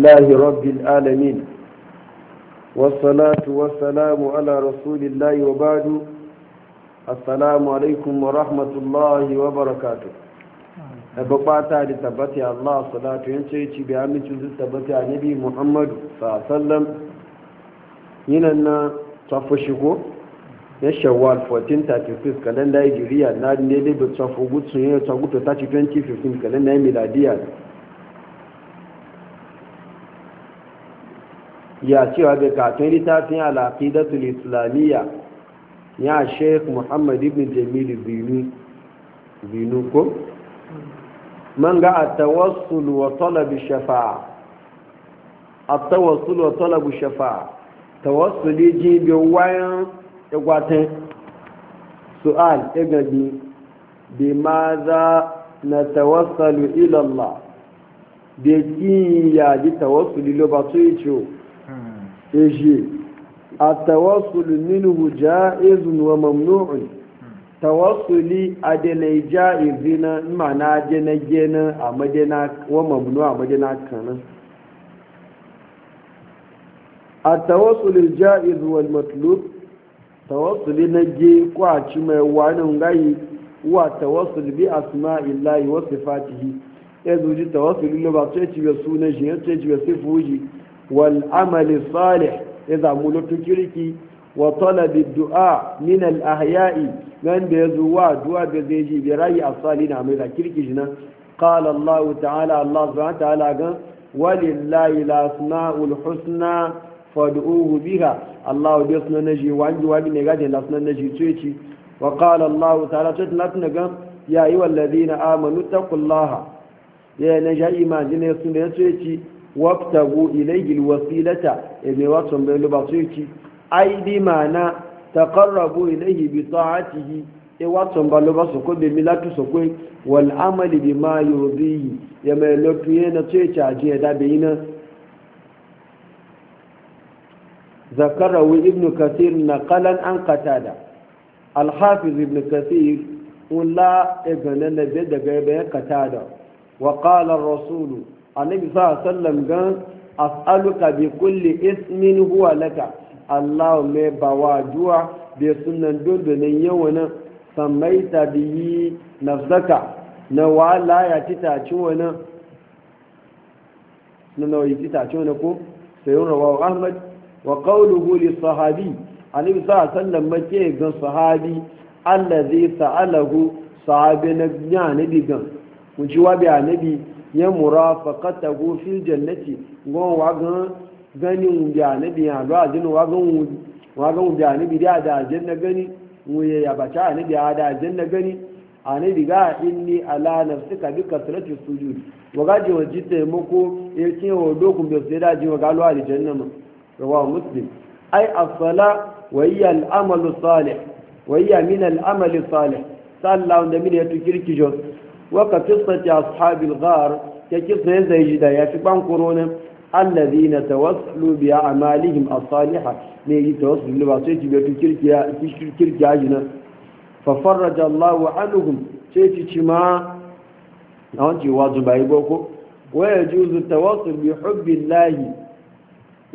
الله رب العالمين والصلاة والسلام على رسول الله وبعد السلام عليكم ورحمة الله وبركاته أبقاتا لتبتي الله صلاة ينشيش بعمل تبتي عن نبي محمد صلى الله عليه وسلم يننا تفشكو ya shawar 1436 kalenda Ijiriya na ne da tsafogu sun yi tsagutu 3015 ya miladiyar ya cewa da katon littafin al'aqidatul islamiyya ya sheikh muhammad ibn jamilu binu ko man ga a tawassul wa talab shafa'a at tawassuli ji bi wayan igwatin su'al igabi bi ma za na tawassalu ilallah Allah da kin ya ji tawassuli lo ba yi ciwo eji a tawassulu minhu ja'izun wa mamnu'un tawassuli a dinai ja'izi na mana jina gina a madina wa mamnu a madina kana. a tawassuli ja'iz wal matlub tawassuli na ge kwaci mai wani gayi wa tawassul bi asma'illahi wa sifatihi ya zuji tawassuli lo ba sai ci ga sunan shi ya ce ci ga sifuji wal amali salih ya zamu lutu kirki wa talabi du'a min al ahya'i nan da yazo wa du'a da zai ji bi rayi asali na mai da kirki jina qala allah ta'ala allah subhanahu ta'ala ga walillahi al asmaul husna fad'uhu biha allah da sunan naji wanji wani ne ga da sunan naji tuci wa qala allah ta'ala ya amanu taqullaha ya iman wabtagu ilayhi alwasilata ibn watson bai luba su yi ai bi mana taqarrabu ilayhi bi ta'atihi e watson ba luba su ko bi milatu su ko wal amali bima yurdihi ya mai e ce da bai na ذكره ابن كثير نقلا عن قتادة الحافظ ابن كثير ولا ابن bai دقى قتادة وقال الرسول annabi sa sallam gan as'aluka bi kulli ismin huwa laka Allah mai bawa du'a bi sunan yawa nan samaita bi nafsaka na wala ya titaci wani na nauyi titaci wani ko sayon rawawa ahmad wa qawluhu li sahabi annabi sa sallam make gan sahabi allazi sa'alahu sahabi na nya nabi gan mun ji wa bi annabi ya murafaqata hu fil jannati gon wa gan ganin ya nabi ya lo ajin wa gan wa gan ya nabi da da janna gani mu ya yabata nabi da da janna gani anabi ga inni ala nafsika bi kasrati sujud wa ga je waji taimako ya ce wa dokun bai sai daji wa galo aljanna ma rawahu muslim ai as-sala wa hiya al-amalu salih wa hiya min al-amali salih sallallahu da min ya tukirki jos وقصة أصحاب الغار كقصة يجدها يفقان قرون الذين توصلوا بأعمالهم الصالحة نيجي توصل لبعضي تبي ففرج الله عنهم تيجي ما نانتي نعم، واجب أيبوكو ويجوز التواصل بحب الله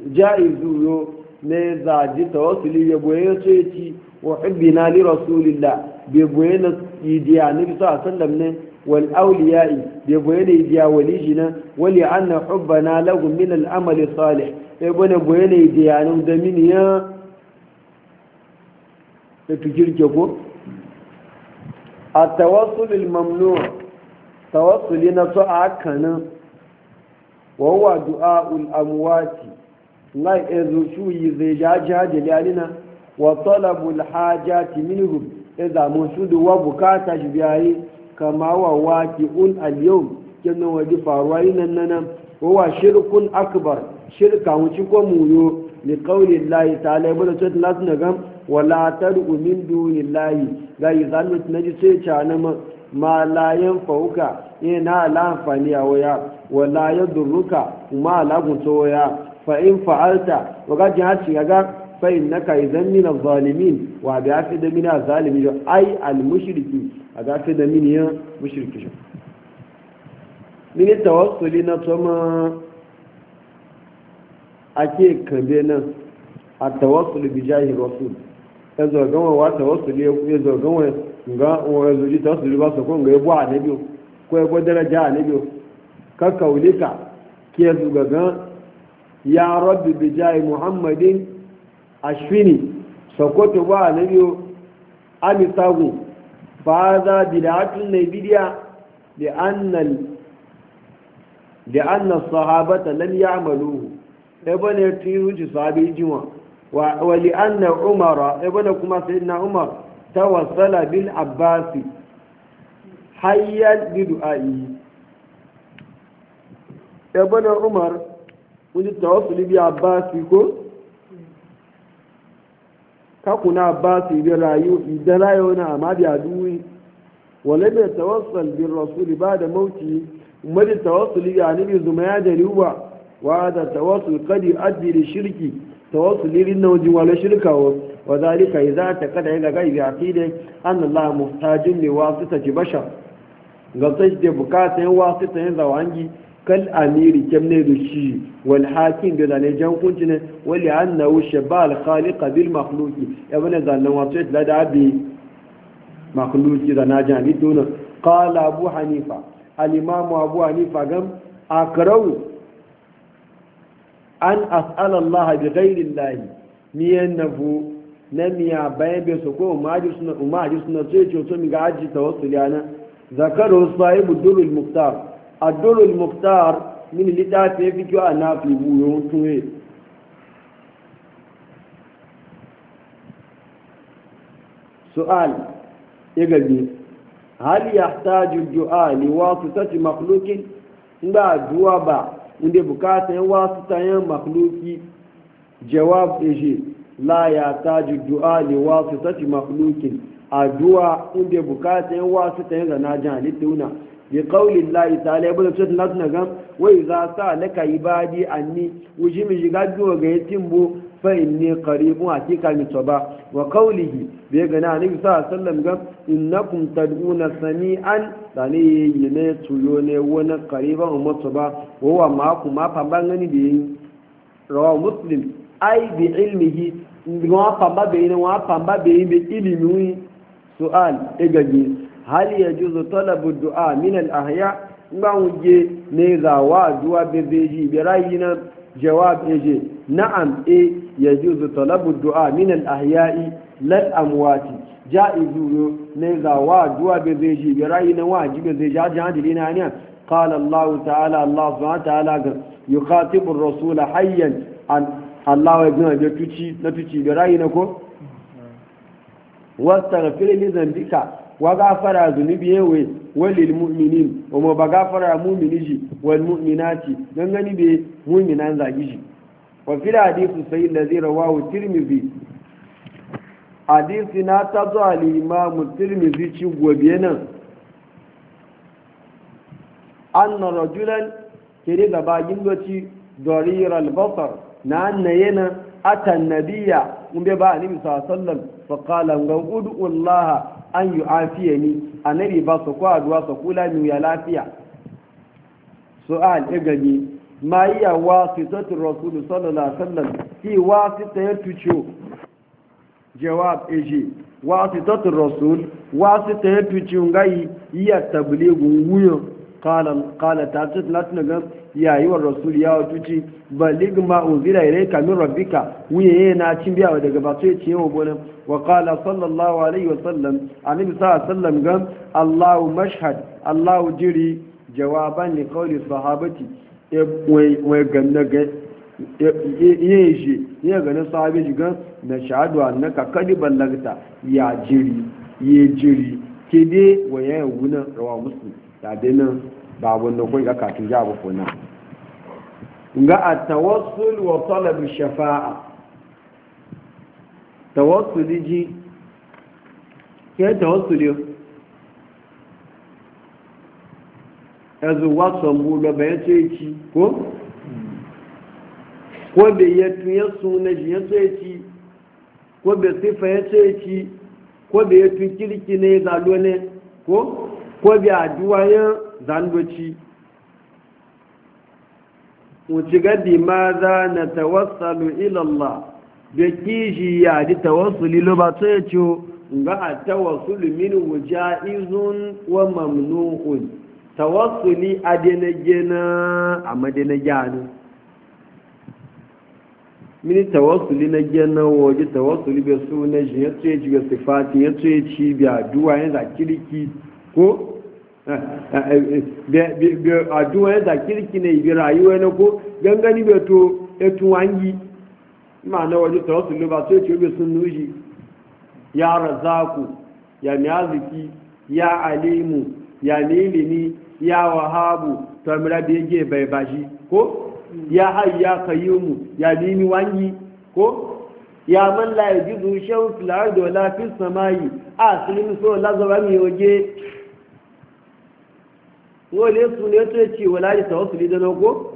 جائز له نزاج التواصل يبوي تيجي وحبنا لرسول الله بيبوي نس يدي عن النبي صلى الله عليه وسلم wal awliya'i be boye dia wali jina wali anna hubbana lahum min al amali salih e bona boye ne dia nan da min ya da tujirke ko at tawassul al mamnu tawassuli na so akana wa huwa ngai zai hajati minhum wa bukata jibiyayi kama wa waqi'un al-yawm kinna waji faruwa yi nan wa shirkun akbar shirka wuci ko muyo li layi. llahi ta'ala bada ce lati na gam wala tad'u min dunillahi ga na ji sai cha na ma la yanfauka ina la amfani a waya wala yadurruka ma la gunto waya fa in fa'alta wa ga jihati ga fa innaka idan min adh-dhalimin wa ga fi da mina zalimi da ai al mushriki a ga fi da mini ya mushriki shi mini tawassuli na tsoma ake kambe nan a tawassuli bi jahi rasul ya zargan wa tawassuli ya zargan wa ga wa zuji tawassuli ba su ko ga na biyu? ko yabo daraja biyu? ka kaulika ke zugagan ya rabbi bi jahi muhammadin ashwini sokoto ba na biyu amisagu fa za bidatun na bidiya da annan da annan sahabata lam ya'maluhu ebe ne tiruci sahabi jiwa wa li anna umara ebe ne kuma sayyidina umar tawassala bil abbasi hayyan bi du'a'i ebe ne umar wani tawassuli bi abbasi ko kakuna ba su bi rayu da rayu na amma biya duwi wale bai tawassal bin rasuli ba da mauti mali tawassuli ya nabi zuma ya da riwa wa da tawassul kadi addi da shirki tawassul lirin na wajen wale shirka wa wa zalika idza ta kada ya ga bi aqida an Allah muhtajin li wasita bashar ga sai da bukatun wasita yin zawangi kal amiri kemne da shi wal hakim da zane jan kunci ne wali an na wuce ba bil makhluqi ya bane zanen wato da da bi makhluqi da na jan dona qala abu hanifa al imam abu hanifa gam akraw an as'ala allah bi ghairi allah mi yanafu na ya bayan bai su ko umaru suna umaru suna sai ce to mi ga aji tawassuli ana zakaru sahibu dulul muqtar adoro muftar min lida te fi jo ana fi bu yo tun e سؤال يجب هل يحتاج الدعاء لواسطة مخلوق لا دعاء با عند بكات واسطة مخلوق جواب إجي لا يحتاج الدعاء لواسطة مخلوق الدعاء عند بكات واسطة نجان لتونا bi qawli llahi ta'ala bu ce na tuna gam wai za sa laka ibadi anni wuji mi shiga duwa ga yatin bu fa inni qaribun hakika mi toba wa bai qawlihi bi ga na nabi sallallahu alaihi wasallam gam innakum tad'una ya tani yene tuyo ne wani qariban umma ba wa wa ma ku ma gani bangani yi rawa muslim ai bi ilmihi ngwa pamba be ne wa pamba ne ilimi su'al egagi هل يجوز طلب الدعاء من الأحياء ما وجه نيزا وا جواب بيجي براينا جواب إيجي نعم إي يجوز طلب الدعاء من الأحياء للأموات جائز نيزا وا جواب بيجي براينا واجب زجاج عندنا يعني قال الله تعالى الله سبحانه وتعالى يخاطب الرسول حيا عن الله ابن ابي تشي نتشي براينا كو واستغفر لذنبك wa gafara zunubi yawe walil mu'minin wa ma ba gafara mu'mini ji wal mu'minati dan gani be mu'minan zagi ji wa fil hadithu sai ladhi rawahu tirmidhi hadisi na tazo al imam tirmidhi ci gobe nan anna rajulan kire da bagin doci darir al basar na annayena yana atan nabiyya umbe ba annabi sallallahu alaihi wasallam fa qala ngaudu allaha an yi afiya ni annabi ba su kwa duwa su kula ni ya lafiya su'al igami ma iya wasitatu rasul sallallahu alaihi wasallam fi wasita ya tucho jawab eje wasitatu rasul wasita ya tucho ngai iya tabligun wuyo kala ta ce na tuna gan yayiwar rasul ya ce ba ligma unzila ilai kamin rabbika wuye na cin biyawa daga ba sai ce yawa gonan wa kala sallallahu alaihi wa wasallam annabi sa sallam gan allahu mashhad allahu jiri jawaban li qawli sahabati wai ganna ga yin shi yin ganin sahabi shi gan na shahadu annaka kadi ballagta ya jiri ya jiri kide wa yayin gunan rawa muslim tàbí náà bá àwọn ọ̀nàkọ́ ìgbà kàtó yá àwòfò náà nga a ọ̀tọ́lẹ̀bù ṣẹfàá tàwọ́sùlù jí a. ẹ tàwọ́sùlù ẹzù wá sọ̀mbù lọ́bẹ̀ yẹn tó èkì kó ko? bè yẹ tún yẹn sun nẹ́jì yẹn tó èkì kó bè sífẹ̀ yẹn tó èkì kó bè yẹ tún kíríkì ko bi aduwa yin zandoci wuce gadi ma za na tawassalu ilallah da kishi ya ji tawassuli lo ba ta yace ga a tawassulu min wuja'izun wa mamnu'un tawassuli adenage na a madenage anu mini tawassuli na gena waje tawassuli be su na shi ya tsoye ci ga sifati ya tsoye ci bi aduwa ya za kirki ko duwa ya zakirki ne bi rayuwa na ko gangani bai to ya tuwangi na waje tawassulu ba sai ce obi sun nuji ya razaku ya miyaziki ya alimu ya nilini ya wahabu to amira da yake bai bashi ko ya hayi ya mu, ya nini wangi ko ya man la yajidu shawt la ardu wala fis samai aslim so la zawami oje wani su ne to ce wala ta wasu lidan ogo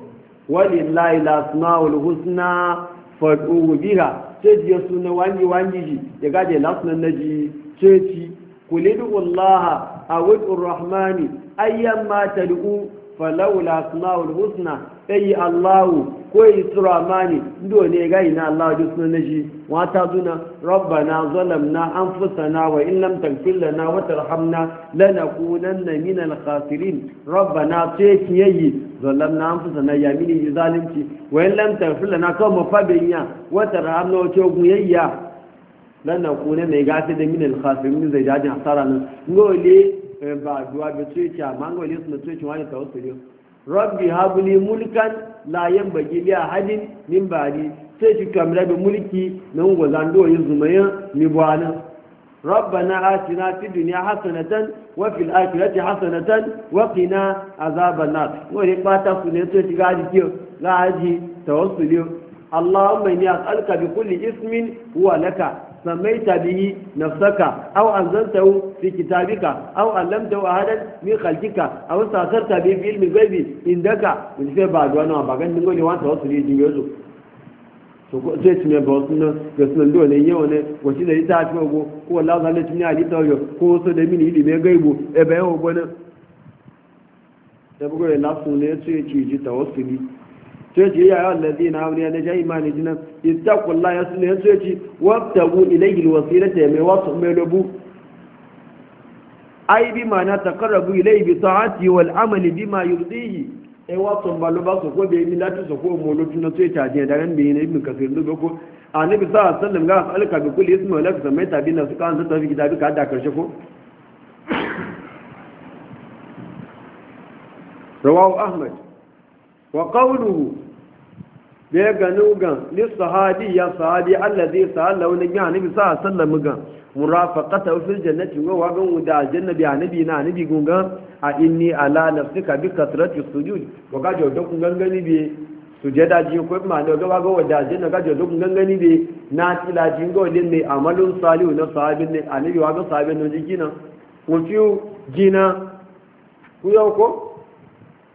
wani lai lasma wani husna faɗo biha ce ji yasu na wangi wangi ji ya gaje lasna na ji ci kulidu wallaha a rahmani ayyan ma tali'u falau lasma wani husna ɗayi allahu ko isramani ndo ne ga ina Allah ji sunan shi, wata zuna rabbana zalamna anfusana wa in lam taghfir lana wa tarhamna lanakunanna min al-khasirin rabbana tayki yayi zalamna anfusana ya mini zalunci wa in lam taghfir lana ka mu fabinya wa tarhamna wa togu yayya lanakunanna mai ta da min al-khasirin zai jajin hasara nan ngole eh, ba duwa bi tuci amma ngole su tuci wani tawassuli rabbi habli mulkan la yanbaghi li ahadin min ba'di sai ki kamra bi mulki na ngo zando yin mi bwana rabbana atina fi dunya hasanatan wa fil akhirati hasanatan wa qina azaban nar ri pata su ne sai ki gaji kiyo gaji tawassuli allahumma inni as'aluka bi kulli ismin huwa laka سميت به نفسك أو أنزلته au كتابك أو علمته أحدا من خلقك أو استأثرت به في علم الغيب عندك من في بعد وانا بغن نقول لي وانت yozo to ko sai ba wasu ga sunan dole ne yau ne da ita ta go ko Allah zan ne cinye ali tawo ko wasu da mini ili gaibu e bayan da ne sai ci ji tawassuli sai ce ya yawon lazi na wani yana ja imani jinan istakulla ya suna ya sai ce wabtagu ilayhi wasilata mai wasu mai lubu ai bi ma na takarrabu ilayhi bi sa'ati wal amali bima yurdihi ai wasu balu ba su ko bai mi lati su ko molotu na sai ta jiya daren bai ne ibn kasir dubo ko annabi sallallahu alaihi wasallam ga alka bi kulli ismi wa lafza mai tabi na su kan ta tafi kitabi ka da karshe ko rawahu ahmad wa qawluhu bai ganu gan li sahabi ya sahabi allazi sa'ala wa nabi anabi sallallahu gan murafaqata fil jannati wa wa gan da jannabi anabi na anabi gunga a inni ala nafsika bi katrati sujud wa ga jo dokun gangani be sujada ji ko ma da ga ga wa da janna ga jo dokun gangani be na tila ji go din ne amalun salihu na sahabin ne anabi wa ga sahabin no jikina wa fiu jina ku yau ko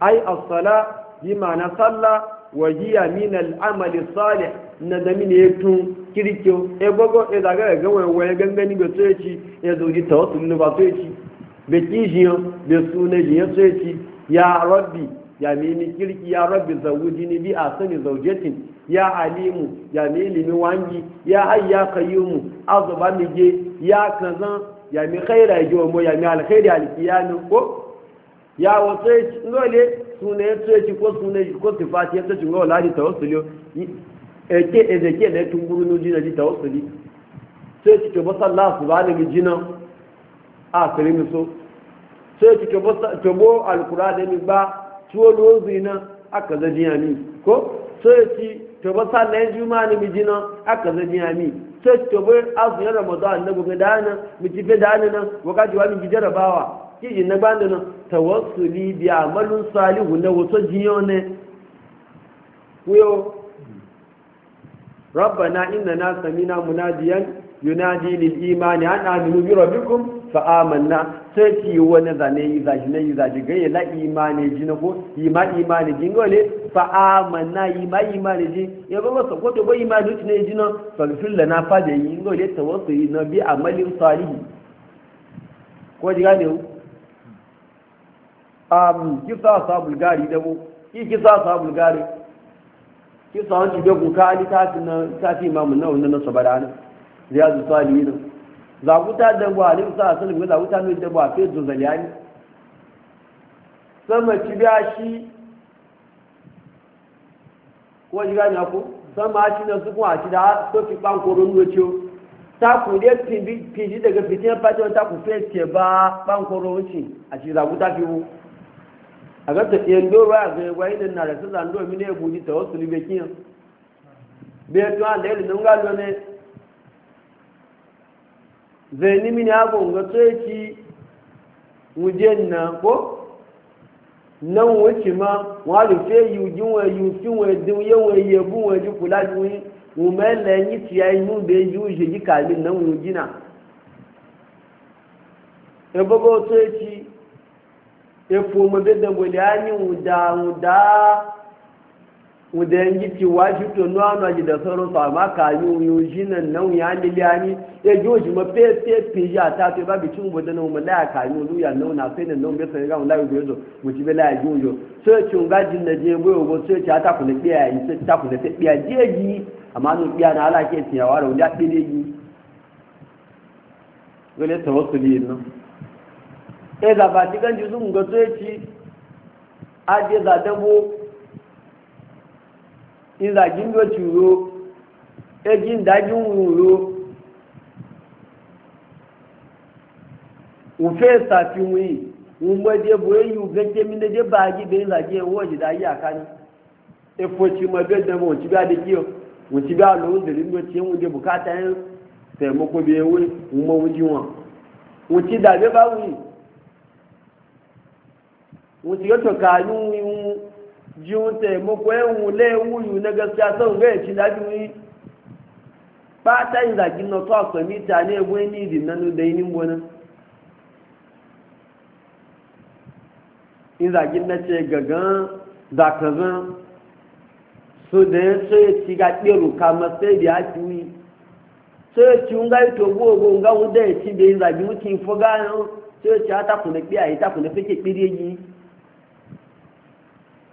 ai as-sala bi ma'ana sallah wa hiya min al-amali salih na da mini yatun kirkiyo e gogo e daga ga waye gangani ga tsoyaci e ji tawassul ne ba tsoyaci be kijiyo be sune jiya tsoyaci ya rabbi ya mini kirki ya rabbi zawujini bi asani zawjatin ya alimu ya mi ilimi wangi ya hayya qayyumu azuba mije ya kazan ya mi khaira mo ya mi alkhairi alkiyanu ko ya wasoye ngole suna ya tsaye ci ko suna shi ko sifati ya tsaye ga wala ji tawassuli eke ezeke da tun guru nuji na ji tawassuli sai ci ke basa la su ba ni jina a sare mi so sai ci ke basa ke bo alkura da mi ba tuwo lozi na aka zaji ya mi ko sai ci ke basa la juma ni mi jina aka zaji ya mi sai ci ke bo azu ya ramadan na gobe dana mi ci fe dana na wakati wa mi jarabawa kiji na ba da tawassuli bi amalun salihu na wato jiyo ne kuyo rabbana na, samina munadiyan yunadi lil imani an aminu bi rabbikum fa amanna sai ki wani zane yi zaji ne yi zaji ga yi la imani ji na yi ma imani ji ngole fa amanna ima imani ji ya ba masa ko to ba imani ji ne ji na fa fil lana fa da yi ngole tawassuli na bi amalin salihu ko ji ga ne um kisa sabul bulgari dabo ki kisa sabul gari kisa wanci da kuka ali ta fi na ta fi imamu na wannan na sabara ne riyadu salihin zaguta da ba alim sa sun ga zaguta ne da ba sai zuzaliyani sama ci biya shi ko ji gani ku sama shi na su kuma shi da so fi ban ko ruwa ciwo ta ku dai pindi daga fitin fatiwa ta ku fete ba ban ko ruwa a shi zaguta fi wu a ga ta ɗiyan doro a zai gwai da na rasu zan domi ne buji ta wasu libe kiyan bai tuwa da yadda nun galo ne zai nimi ne abu ga tsoyaki wujen na ko nan wuce ma wani fe yi ujin wa yi ufin wa din yi wa yi yabu wa ji kula ji wani umar da yi tiya yi nun da yi uje ji kalin nan wujina ebogo tsoyaki efu mo beda ngoli anyi uda uda uda ngi ti waji to no anwa ji da soro fa anyị ka yu yu na nan ya ni li ani eji joji mo pe pe pe ya ta pe ba bi ka yu lu ya na pe ne no be se ga on la yu zo mo be yo so ti e un ga na ji e so e ata pe ya yi ta ya ama na ala ke ya wa ro e da ba ti kanji sun ga so yaci aje za ta bo in za jin do ciro e jin dajin wuro ufe safi muyi umma je bo yi u gaje min da je baji be za je wo ji da ya kan e fo ci ma be da mo ci ba de kiyo mo ci ba lo de rin do ci mu de bukata en sai mo ko be wo mo wuce yato kanu yiwu jiwun taimako yan wule wuyu na gaskiya sau ga yaci lafiyoyi ba ta yi zagin na tuwa kwami ta ne gwai ni din nan da yi nimbo nan in zagin na ce gagan zakazan su da ya so ya ci ga ɗero kama sai da ya ci wuyi so ya ci wunga yi togo ogo nga wunda ya ci da yin zagin wuce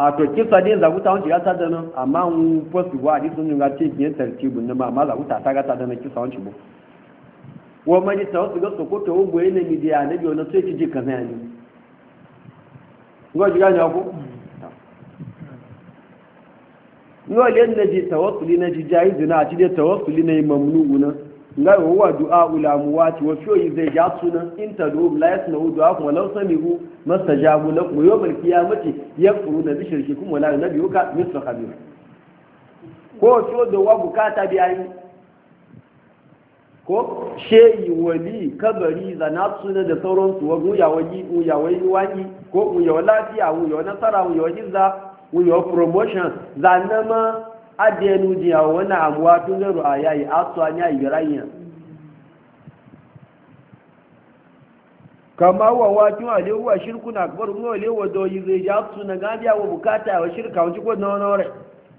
a to kisa dai zaguta wanci ya ta da nan amma un fosu wa di sun ga ce ki tartibun nan amma zaguta ta ga ta da nan kisa wanci bo wa mani ta wasu ga sokoto wo goyi ne midiya ne biyo na sai ki ji kaza yani ngo ji ga nya ko ngo le ne ji tawassuli na ji jaizu na ji dai na na nga huwa du'a ila muwati wa fiyo zai ja sunan in ta du la yasma'u du'a kuma law sami'u mastajabu lakum yawmal qiyamati yakfuruna bi shirkikum wa la nabiyuka mithla khabir ko fiyo da wa bukata bi yi ko sheyi wali kabari zana suna da sauransu wa guya wani guya wani wani ko guya lafiya guya nasara guya izza guya promotion zanama adda ya nuji ya wani amuwa tun zai ru'a ya yi asuwa ya yi ranya kama wa wakin alewa shirku na kabar kuma alewa doyi zai ja su na gajiya wa bukata wa shirka wajen kwa Wani nawa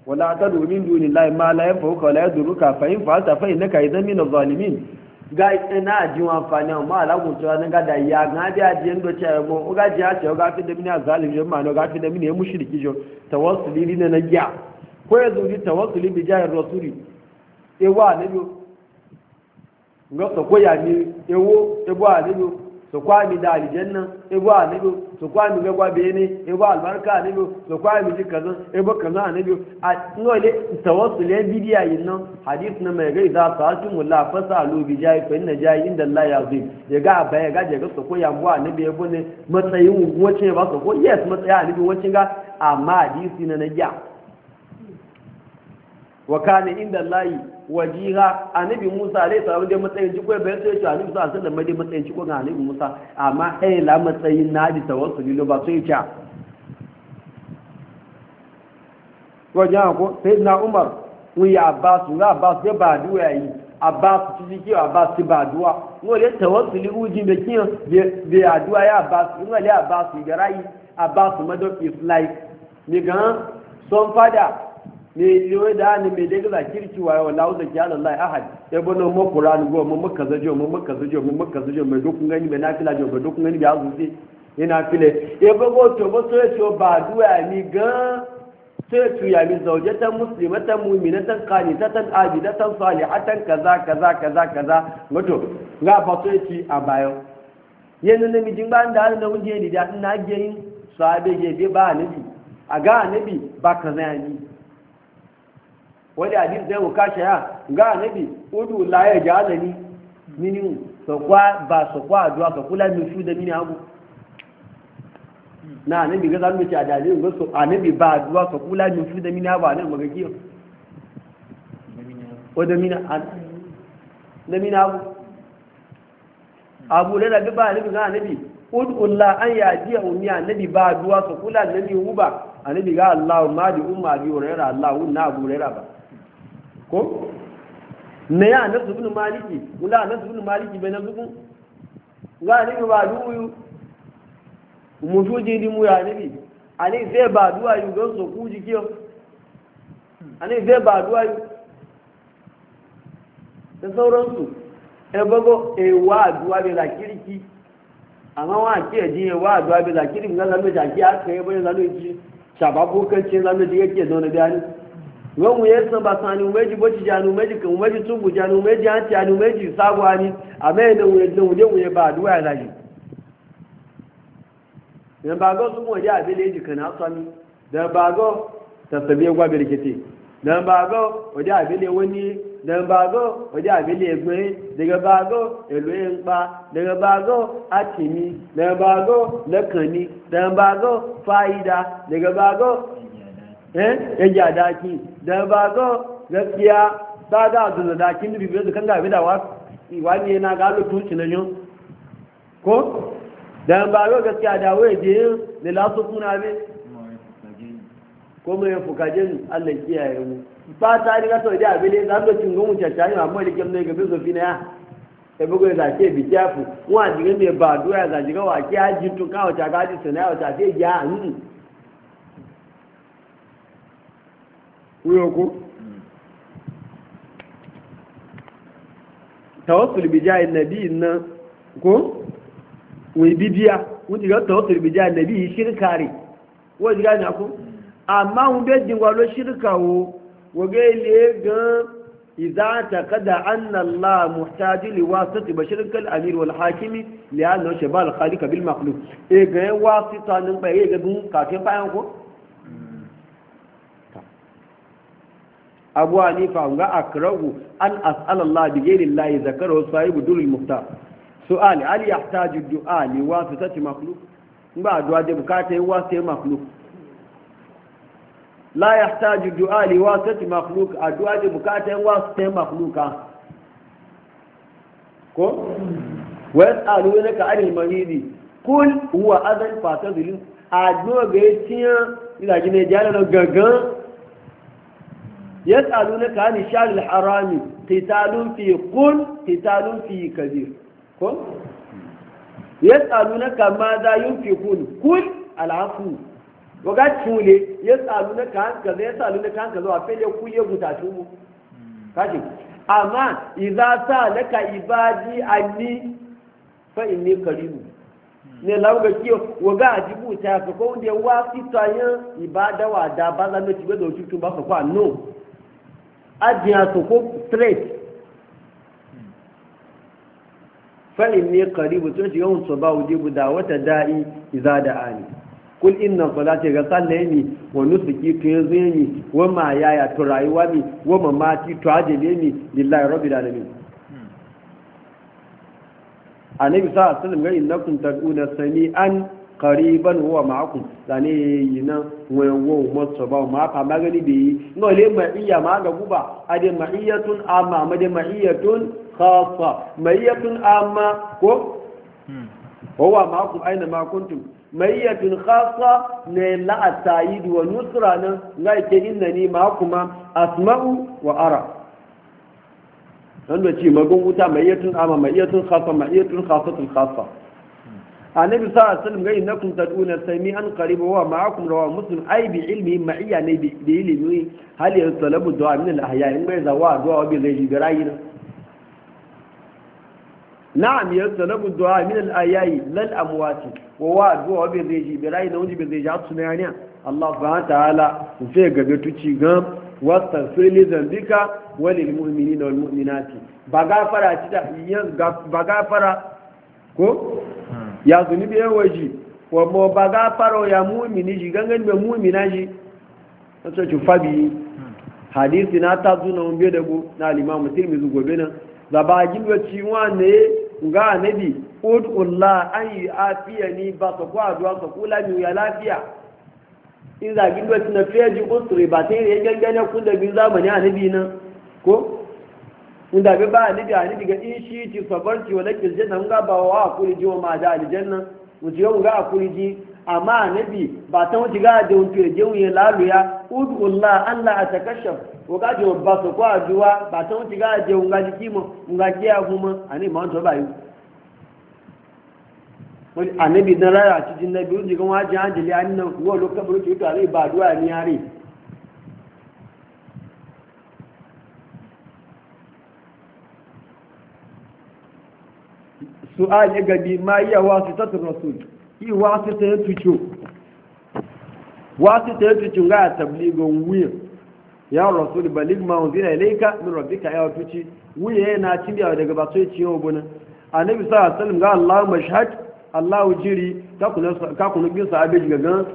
wala ta domin duni lai ma la ya fauka wala ya duruka fahim fata fahim na kai zami na zalimin ga na ji wa amfani amma alaƙun cewa na gada ya ga bi aji yadda ce ya mo ga ji ya ce ga fi da mini a zalimin ma ga fi da mini ya ta wasu tawassuli ne na giya ko ya zuri tawakkuli bi jahir rasuli ewa yo ngo to ko ya ni ewo ebo yo to kwa mi da aljanna ebo yo to kwa mi gwa be bene ebo albarka yo to kwa mi ji kaza ebo kaza yo a ngole tawakkuli yin no hadith na me ga za ta tu mulla fasalu bi jahi fa inna jahi inda Allah ya zib ya ga ba ya ga je ga to ko ya bo mu nabi ebo ne matsayin wace ba so ko yes matsayin matsayi nabi wace ga amma hadisi na na ja wa kana inda Allahi wajiha annabi Musa alaihi salam dai matsayin ci bai sai ce annabi Musa alaihi salam matsayin ci ga annabi Musa amma hai la matsayin nadi tawassuli ba sai Ko wajen ko sai na Umar mun ya Abbas ga Abbas ya ba duwa yi Abbas ci ji ki Abbas ci ba duwa ngo le tawassuli uji be ki be duwa ya Abbas ngo le Abbas ya rai Abbas madu is like ni gan son fada ne yiwu da hannu mai daga za kirki wa yau lawu da kiyar Allah ahad ya bano mu Qur'an go mu muka zajo mu muka zajo mu muka zajo mai dukun gani mai nafila jo mai dukun gani bi azuzi ina file ya bago to ba so ya ba duwa ni ga sai su yami zaujatan muslimatan mu'minatan qanitatan abidatan salihatan kaza kaza kaza kaza mato ga ba so ci a bayo yanzu ne mijin ba da hannu mun je da na ge yin sahabe ge be ba nabi a ga nabi ba kaza ni wani hadis zai wuka shi ya ga anabi udu la ya ja alani mini so kwa ba so kwa addu'a so kula mi su da mini hagu na anabi ga zan ci adali ga so anabi ba addu'a so kula mi su da mini hagu anabi maga kiyo o da mini an da mini hagu abu da bi ba anabi ga anabi udu la an ya ji ummi anabi ba addu'a so kula anabi uba anabi ga Allahu ma di umma bi urayra Allahu na abu ba ko me ya na zubin maliki wala na zubin maliki bai na zubin ga ni ba duyu mu tuje di mu ya nabi ani zai ba duwa yu don so kuji kiyo ani zai ba duwa yu da sauransu e bago e wa duwa bi la kiriki amma wa ki e di e wa duwa bi la kiriki ngala me ja ki aka e bai la lo ji sababu kan ce la me di ke don da ni wọn mu yẹn san basa ni umeji bọchi ja ni umeji kan umeji tumbu ja ni umeji anti ja ni umeji sagwa ni amẹ́yìn náà wòye dùn òde wòye bá àdúrà yàrá yìí. Nàbàgọ́ súnmọ́ ìdí àbílẹ̀ èjì kan náà sọ Nàbàgọ́ tẹ̀sẹ̀bí ẹgbà bẹ̀rẹ̀kẹ̀tẹ̀ Nàbàgọ́ òde àbílẹ̀ wọ́n ní Nàbàgọ́ òde àbílẹ̀ Ee eh? ya daki da ba go gaskiya ba da da daki ni bibiyo kan ga bida wani na ga lu na yun ko da ba go gaskiya da waye je ne la su kuna ko mai fukajin Allah kiyaye mu fata ni ka so da abele zan do cin gumu chacha ni amma ni na ya ebugo za ke bi kyafu wa ba duya za jiga wa kya jintu ka wa ta ga ji sana wa ta ke ya hmm wuyo ko tawassul bi jayin nabi na ko wai bibiya mun diga tawassul bi jayin nabi shirka re ko ji ko amma mun be jin walo shirka wo wage le ga idza taqada anna allah muhtaj li wasati bashirka al amir wal hakimi li anna shabal khaliq bil maqlub e ga wasita nan ba e ga dun ka ke fayan ko abu hanifa ga akrahu an as'alallah bi ghairi llahi zakarahu sahibu durul muhtar su'al al yahtaju du'a li wasitati makhluq ba addu'a da bukata yi wasitati makhluq la yahtaju du'a li wasitati makhluq addu'a da bukata yi wasitati makhluqa ko wa yas'alunaka 'anil mahidi qul huwa adhan fatazilu addu'a ga yaciya ila gine na gangan Ya yas'alunaka an sharil harami qitalun fi qul qitalun fi kabir ko yas'alunaka ma za yunfiqun qul al'afu waga tule yas'alunaka an kaza yas'alunaka an kaza afele ku ye gutatu mu kaji amma idza salaka ibadi anni fa inni karimu ne lauga kiyo waga ajibu ta ka ko wanda wa fitayen ibada wa da ba za mu tibe da ojutu ba ka kwa no ajiya su ko straight fa'in ne karibu tun shiga hunsu ba wuje guda wata da'i iza da ani kul inna salati ga sallaye ne wa nusuki to yanzu ni wa ma yaya to rayuwa ni wa mati to ajele ni lillahi rabbi rabbil alamin annabi sallallahu alaihi wasallam ga innakum tad'una sami'an kariban huwa ma'akum zane yi nan wayo motsa ba ma fa magani be yi no le ma iya ma ga guba ade ma'iyatun amma ma de ma'iyatun khassa ma'iyatun amma ko hmm. huwa maku aina ma kuntum ma'iyatun khassa ne la atayid wa nusra nan ga ke innani ma'akuma asma'u wa ara dan da ci magun wuta ma'iyatun amma ma'iyatun khassa ma'iyatun khassatul khassa annabi sallallahu alaihi wasallam ga innakum tad'una sami'an qariba wa ma'akum rawa musulun ai bi ilmi ma'iya ne bi ilmi hal yatalabu du'a min al-ahya in bai zawa du'a bi zai ji Na na'am yatalabu da min al-ahya lal amwati wa wa du'a bi zai ji rayi na wani bi zai ja tunaniya Allah subhanahu wa ta'ala sai ga ga tuci ga wastaghfir li dhanbika wa lil mu'minina wal mu'minati ba gafara ci da ba gafara ko hmm. ya zuni biyar waje wa ba ga faro ya mumini ji gangan mai mumina ji wato cikin fabi hadisi na ta zuna umbe da bu na liman mutum mai gobe nan Za ba a gina ci wane ne ga nabi ƙudula an yi afiya ni ba su kwa zuwa su kula mai ya lafiya in za a gina ci na fiye ji ƙusuri ba sai ya gangane kun da biyu zamani nabi nan ko inda bi ba ni da ni daga in shi ti sabarci wala ki janna mun ga ba wa akuri ji wa ma da aljanna mun ji mun ga akuri ji amma annabi ba ta wuce ga da wuce je wuye laluya udullah Allah atakashaf wa ga ji ba so ko ajuwa ba ta wuce ga je mun ga jiki mu mun ga kiya kuma ani ma to ba yi annabi na rara cikin nabi wuce ga wajen ajili annan wo lokabru ki to ale ba duwa ni yare su'a ya gabi ma iya wasu rasul wasu ta ya tuco wasu ta ya tuco ga tabligon wuya ya rasul balig ma unzila ilayka min rabbika ya tuci wuya yana cibiya daga ba sai ciwo gona annabi sallallahu alaihi wasallam ga Allah mashhad Allah jiri ka ka bin ga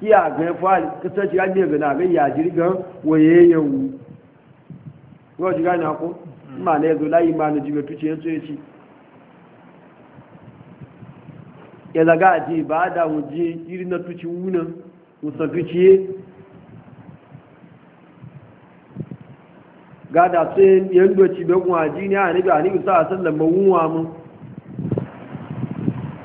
iya ga fa ji ga ga na ga ya jiri waye yawu ji ga na ko ma ne zo ma ne ya zaga a ji ba da wuje irin na tuci wuna musa ya gada sai yan doci don waji ne a nabi a nabi sa sallan mawuwa mu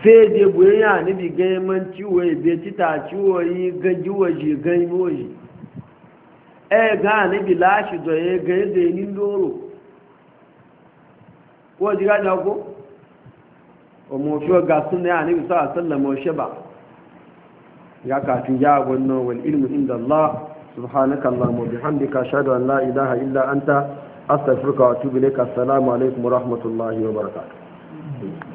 sai je buye ya nabi gaiman ciwo ya bai ci ta ciwo yi gaji waje gani waje eh ga e nabi lashi zoye gani da yanin doro ko ji gada ko وموشوه قاسم يعني صلى الله عليه وسلم وشبع يا كاتو يا ونو والعلم عند الله سبحانك اللهم وبحمدك أشهد أن لا إله إلا أنت أستغفرك وأتوب إليك السلام عليكم ورحمة الله وبركاته